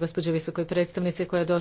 gospođe visokoj predstavnici koja je došla